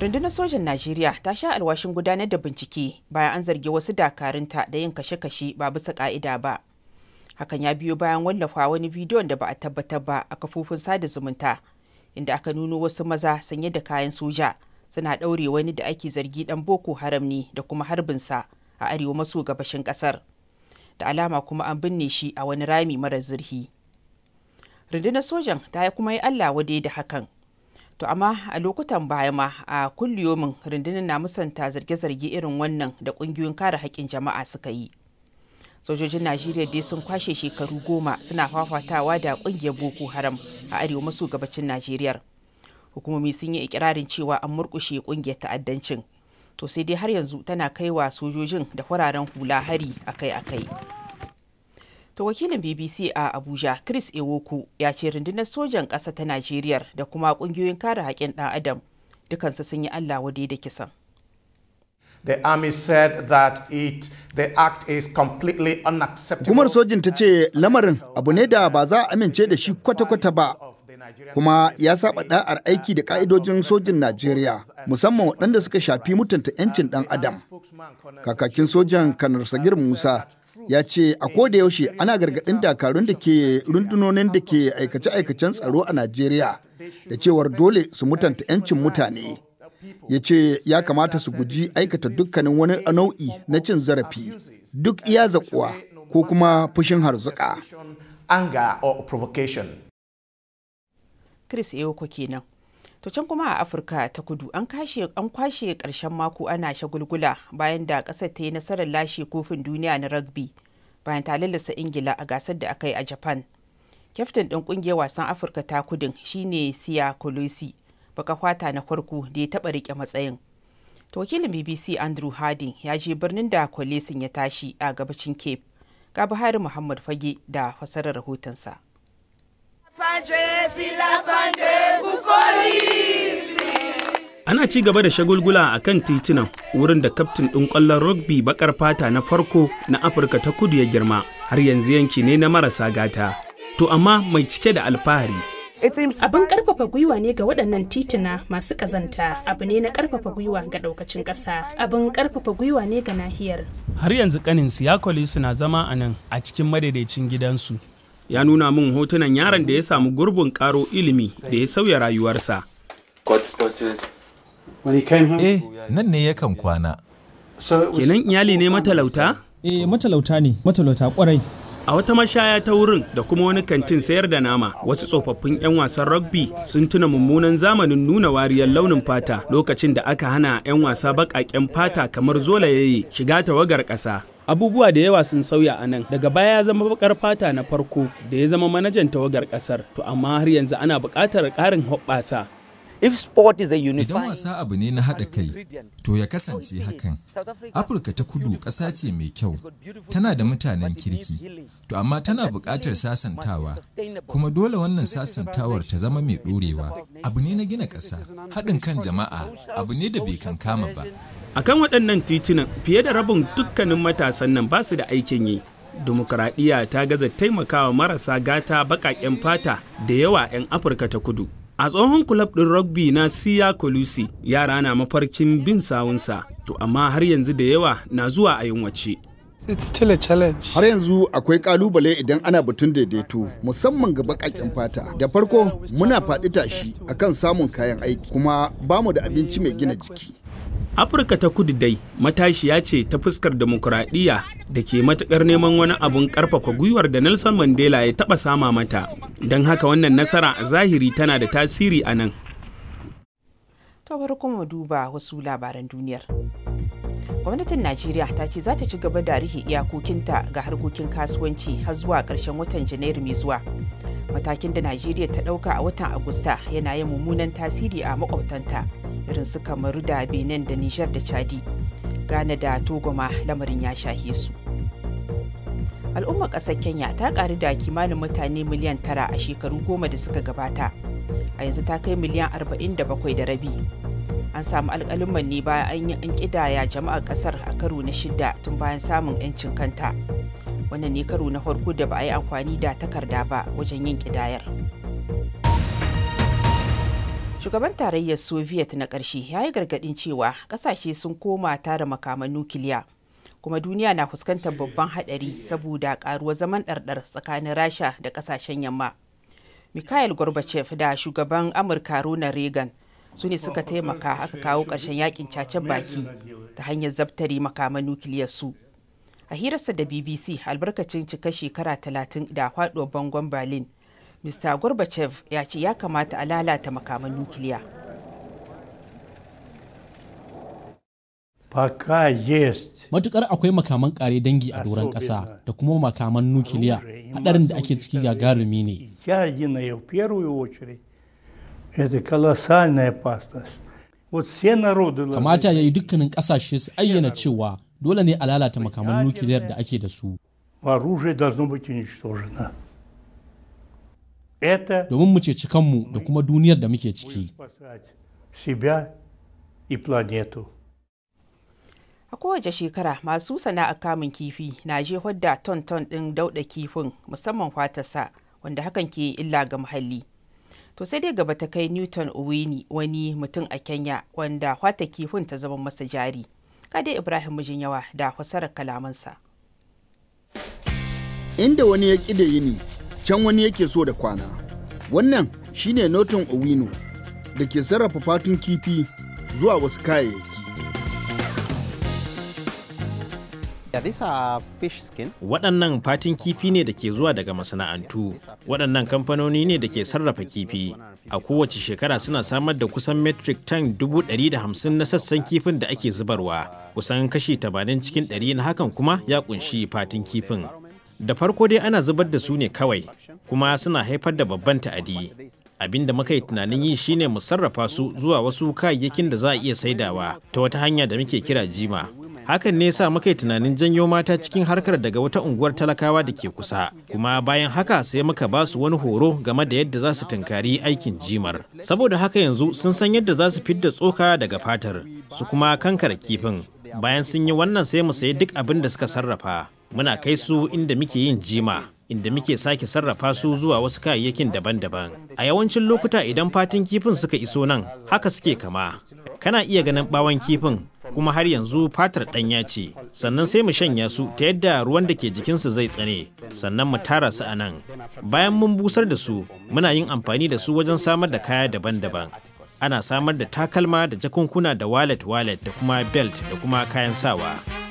rundunar sojan najeriya ta sha alwashin gudanar da bincike bayan an zargi wasu dakarunta da yin kashe-kashe ba bisa ka'ida ba hakan ya biyo bayan wallafa wani bidiyon da ba a tabbatar ba a kafofin sada zumunta inda aka nuno wasu maza sanye da kayan soja suna ɗaure wani da ake zargi dan boko haram ne da kuma harbinsa a arewa maso gabashin ƙasar da alama kuma an binne shi a wani rami mara zurhi rundunar sojan ta kuma yi allah wadai da hakan to amma a lokutan baya ma a kulliyomin rundunar na musanta zarge-zarge irin wannan da kungiyoyin kare haƙƙin jama'a suka yi sojojin najeriya dai sun kwashe shekaru goma suna fafatawa da kungiyar boko haram a arewa maso gabacin najeriya hukumomi sun yi ikirarin cewa an murkushe kungiyar ta'addancin to sai dai har yanzu tana kaiwa sojojin da fararen hula hari akai-akai To wakilin BBC a Abuja Chris Ewoku ya ce rundunar sojan ƙasa ta Najeriya da kuma ƙungiyoyin kare haƙƙin ɗan adam dukansu sun yi Allah wadai da kisan. The army said that it the act is completely unacceptable. Gumar sojin ta ce lamarin abu ne da ba za a amince da shi kwata-kwata ba kuma ya saba da'ar aiki da ka'idojin sojin Najeriya musamman waɗanda suka shafi mutunta 'yancin ɗan adam. Kakakin sojan Kanar Sagir Musa ya ce a koda yaushe ana gargaɗin dakarun da ke rundunonin da ke aikace-aikacen tsaro a Najeriya da cewar dole su mutanta 'yancin mutane. Ya ce ya kamata su guji aikata dukkanin wani nau'i na cin zarafi duk iya zaƙuwa ko kuma fushin harzuka. Chris Ewoko kenan. To can kuma a Afirka ta kudu an kwashe ƙarshen mako ana shagulgula bayan da ƙasar ta yi nasarar lashe kofin duniya na rugby bayan ta lallasa Ingila a gasar da aka yi a Japan. Kyaftin ɗin ƙungiyar wasan Afirka ta kudin shine Siya Kolosi baka kwata na farko da ya taɓa riƙe matsayin. To wakilin BBC Andrew Harding ya je birnin da Kolosin ya tashi a gabacin Cape. Ga Buhari Muhammad Fage da fasarar rahotonsa. ana ci gaba da shagulgula a kan titunan wurin da kaftin ɗin ƙwallon rugby baƙar fata na farko na afirka ta kudu ya girma har yanzu yanki ne na marasa gata to amma mai cike da alfahari Abin ƙarfafa gwiwa ne ga waɗannan tituna masu ƙazanta, abu ne na ƙarfafa gwiwa ga ɗaukacin ƙasa, abin ƙarfafa gwiwa ne ga nahiyar. Har yanzu ƙanin Siyakoli suna zama a nan a cikin madaidaicin gidansu, ya nuna min hotunan yaron da ya samu gurbin karo ilimi da ya sauya rayuwarsa. Eh, nan ne yakan kwana. Kenan iyali ne matalauta? Eh, matalauta ne, matalauta kwarai. A wata mashaya ta wurin da kuma wani kantin sayar da nama, wasu tsofaffin 'yan wasan rugby sun tuna mummunan zamanin nuna wariyar launin fata lokacin da aka hana 'yan wasa baƙaƙen fata kamar zolayaye shiga tawagar ƙasa. abubuwa da yawa sun sauya a nan daga baya ya zama bakar fata na farko da ya zama manajan tawagar kasar to amma har yanzu ana buƙatar ƙarin hoɓɓasa Idan wasa abu ne na haɗa kai, to ya kasance hakan. Afirka ta kudu ƙasa ce mai kyau, tana da mutanen kirki, to amma tana buƙatar sasantawa, kuma dole wannan sasantawar ta zama mai ɗorewa. Abu ne na gina ƙasa, haɗin kan jama'a, abu ne da bai kankama ba. a kan waɗannan titunan fiye da rabin dukkanin matasan nan ba su da aikin yi dimokuraɗiyya ta gaza taimakawa marasa gata baƙaƙen fata da yawa 'yan afirka ta kudu a tsohon kulab ɗin rugby na siya kolusi yara na mafarkin bin sawunsa to amma har yanzu da yawa na zuwa a yunwace Har yanzu akwai kalubale idan ana batun daidaito musamman ga bakakin fata. Da farko muna faɗi tashi akan samun kayan aiki kuma bamu da abinci mai gina jiki. afirka ta kudu dai matashiya ce ta fuskar demokuraɗiyya da ke matuƙar neman wani abun ƙarfafa gwiwar da nelson mandela ya taɓa sama mata don haka wannan nasara a zahiri tana da tasiri a nan ta duba wasu labaran duniyar gwamnatin najeriya ta ce za ta ci gaba da rihe iyakokinta ga harkokin kasuwanci har zuwa ƙarshen watan janairu mai zuwa matakin da najeriya ta ɗauka a watan agusta yana yin mummunan tasiri a makwabtanta irin su kamaru da benin da nijar da chadi ghana da togo ma lamarin ya shahe su al'ummar ƙasar kenya ta ƙaru da kimanin mutane miliyan tara a shekaru goma da suka gabata a yanzu ta kai miliyan arba'in da bakwai da rabi an samu alƙalin ne bayan an yi an ƙidaya jama'ar ƙasar a karo na shida tun bayan samun 'yancin kanta wannan ne karo na farko da ba a yi amfani da takarda ba wajen yin ƙidayar. shugaban tarayyar soviet na ƙarshe ya yi gargaɗin cewa ƙasashe sun koma tara makaman nukiliya kuma duniya na fuskantar babban haɗari saboda ƙaruwar zaman ɗarɗar tsakanin rasha da ƙasashen yamma mikhail gorbachev da shugaban amurka Rona reagan su ne suka taimaka aka kawo ƙarshen yakin cacen baki ta hanyar zabtare makaman nukiliyar su a hirarsa da bbc albarkacin cika shekara talatin da faɗuwar bangon berlin mr gorbachev ya ce ya kamata a lalata makaman nukiliya matukar akwai makaman kare dangi a doron ƙasa da kuma makaman nukiliya haɗarin da ake ciki gagarumi ne kamata ya yi dukkanin ƙasashe su ayyana cewa dole ne a lalata makaman nukiliyar da ake da su. domin mu ce kanmu da kuma duniyar da muke ciki. A kowace shekara masu sana'a kamun kifi na jehar da ton-ton ɗin dauɗa kifin musamman fatarsa wanda hakan ke illa ga muhalli. To sai dai gaba ta kai Newton Owini wani mutum a Kenya wanda fata kifin ta zama masa jari. Kada Ibrahim Mijinyawa yawa da fasarar kalamansa. Inda wani ya ƙi da yini can wani yake so da kwana wannan shine notin owino da ke sarrafa fatun kifi zuwa wasu kayayyaki Waɗannan fatin kifi ne da ke zuwa daga masana'antu, waɗannan kamfanoni ne da ke sarrafa kifi. A kowace shekara suna samar da kusan metric tan 150 na sassan kifin da ake zubarwa, kusan kashi 80 cikin 100 na hakan kuma ya kunshi fatin kifin. da farko dai ana zubar da su ne kawai kuma suna haifar da babban ta'adi abin da muka yi tunanin yi shine mu sarrafa su zuwa wasu kayayyakin da za a iya saidawa ta wata hanya da muke kira jima hakan ne sa muka yi tunanin janyo mata cikin harkar daga wata unguwar talakawa da ke kusa kuma bayan haka sai muka ba su wani horo game da yadda za su tunkari aikin jimar saboda haka yanzu sun san yadda za su fidda tsoka daga fatar su kuma kankara kifin bayan sun yi wannan sai mu sayi duk abin da suka sarrafa muna kai su inda muke yin jima inda muke sake sarrafa su zuwa wasu kayayyakin daban-daban a yawancin lokuta idan fatin kifin suka iso nan haka suke kama kana iya ganin bawon kifin kuma har yanzu fatar ɗanya ce sannan sai mu shanya su ta yadda ruwan da ke jikinsu zai tsane sannan mu tara su a nan bayan mun busar da su muna yin amfani da su wajen samar da kaya daban-daban ana samar da takalma da jakunkuna da walet-walet da kuma belt da kuma kayan sawa.